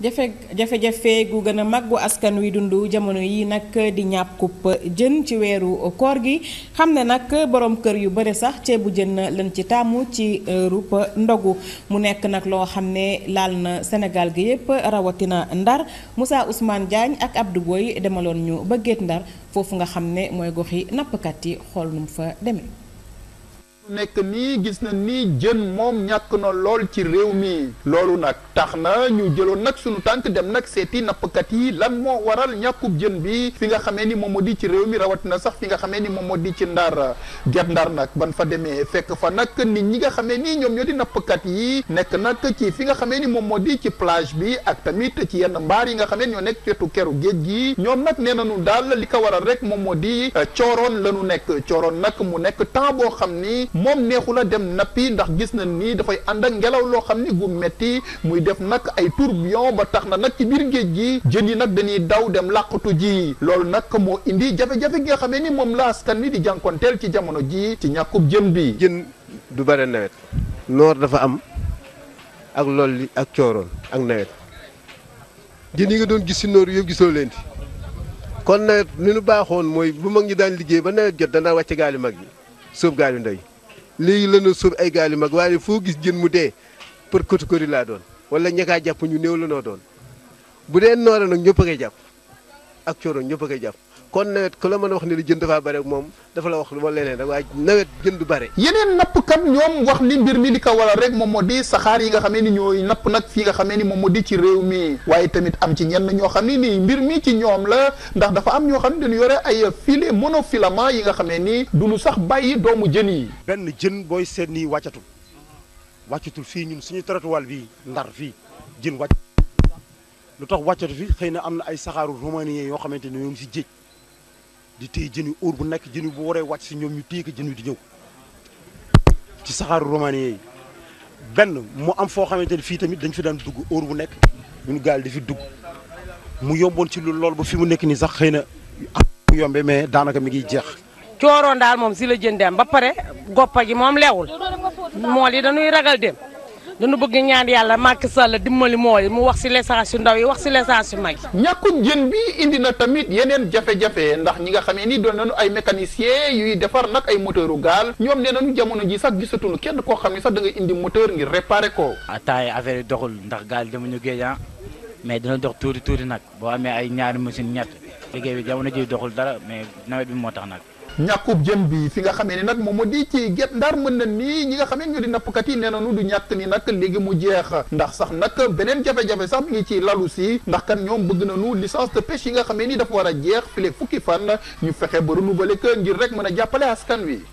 jafe jafe-jafe gu gën a mag askan wi dundu jamono yi nag di ñàpp kupp jën ci weeru koor gi xam ne nag borom kër yu bëri sax ceebu jën lañ ci tàmm ci euh, ruup ndogu mu nekk nag loo xam ne laal na Sénégal gi yépp rawatina Ndar Moussa Ousmane Diagne ak Abdou demaloon ñu bëggeet Ndar foofu nga xam ne mooy goxi nappkat yi xool nu fa demee nekk nii gis na nii jën moom ñàkk na lool ci réew mi loolu nag tax na ñu jëloon nag sunu tànk dem nag seeti nappkat yi lan moo waral ñàkkub jën bi fi nga xamee ni moom moo di ci réew mi rawatina sax fi nga xamee ni moom moo di ci ndar get ndar nag ban fa demee fekk fa nag nit ñi nga xamee nii ñoom ñoo di nappkat yi nekk nag ci fi nga xamee ni moom moo di ci plage bi ak tamit ci yenn mbaar yi nga xamee ñoo nekk wetu keru géej gi ñoom nag nee nu daal li ko waral rek moom moo di eh, cooroon la ñu nekk cooroon nag mu nekk temps boo xam ni moom neexu la dem nappi ndax gis na nii dafay ànd ak ngelaw loo xam ni gu metti muy def nag ay tourbillon ba tax na nag ci biir géej gi jën yi nag dañuy daw dem làqatu ji loolu nag moo indi jafe-jafe gi nga xamee ni moom la askan wi di jànkonteel ci jamono ji ci ñàkkub jën bi jën du bare nawet noor dafa am ak lool li ak cooroon ak nawet jën yi nga doon gis si noor yëpp gisoo leen ti kon nawet li nu baaxoon mooy bu mag ñi daan liggéey ba nawet jot danaa wàcc gaal mag yi sóob yu ndey léegi la ñu sóob ay gaal mag waaye foo gis jën mu dee pour catégorie laa doon wala ñakaa jàpp ñu néew la doon bu dee noora nag ñëpp a koy jàpp ak cooroon ñëpp a koy jàpp kon nawet ku la mën a wax ne li jënd dafa bare moom dafa la wax lu ma leneen rek waaye nawet jënd bare. yeneen nappkat ñoom wax ni mbir mi li ko waral rek moom moo di saxaar yi nga xamee ni ñooy napp nag fii nga xamee ni moom moo di ci réew mi waaye tamit am ci ñenn ñoo xam ne nii mbir mi ci ñoom la ndax dafa am ñoo xam ne dañu yore ay filet monofilament yi nga xamee ni du lu sax bàyyi doomu jën yi. benn jën booy seet nii wàccatul wàccatul fii ñun suñu trottoir bii ndar fii jën wàcc lu tax wàccatu xëy na am na ay saxaaru romanien yoo xamante ni ñoom si jéej di téye jën yu óor bu nekk jën yu bu waree wàcc si ñoom ñu téye ko jën wi di ñëw ci saxaaru romanien yi benn mu am foo xamante ni fii tamit dañ fi daan dugg óor bu nekk ñun gaal di fi dugg mu yomboon ci lu lool bu fi mu nekk nii sax xëy na am yombe mais daanaka mi ngi jeex cooroon daal moom si la jën dem ba pare goppa gi moom leewul mool yi dañuy ragal dem dañu bëgg ñaan yàlla Macky Sall dimbali mooy mu wax si l'essence yu ndaw yi wax si l'essence yu mag yi. ñàkkum jën bi indi na tamit yeneen jafe-jafe ndax ñi nga xamee ni doon nañu ay mécanicien yuy defar nag ay moteuru gaal ñoom nee nañu jamono ji sax gisatuñu kenn koo xam ne sax da ngay indi moteur ngir réparer ko. ataaye ah, affaire yi doxul ndax gaal demuñu géej ah, mais dina dox tuuti tuuti nag boo amee ay ñaari machine ñett liggéey bi jamono ji doxul dara mais nawet bi moo tax nag. ñàkkub jëm bi fi nga xamee ni nag moom moo di ci get Ndar mën na nii ñi nga xamee ñoo di nappkat yi nee nañu du ñàkk ni nag léegi mu jeex ndax sax nag beneen jafe-jafe sax mu ngi ci lalu si ndax kan ñoom bëgg na nañu licence de pêche yi nga xamee ni dafa war a jeex file fukki fan na ñu fexe ba renouveler que ngir rek mën a jàppale askan wi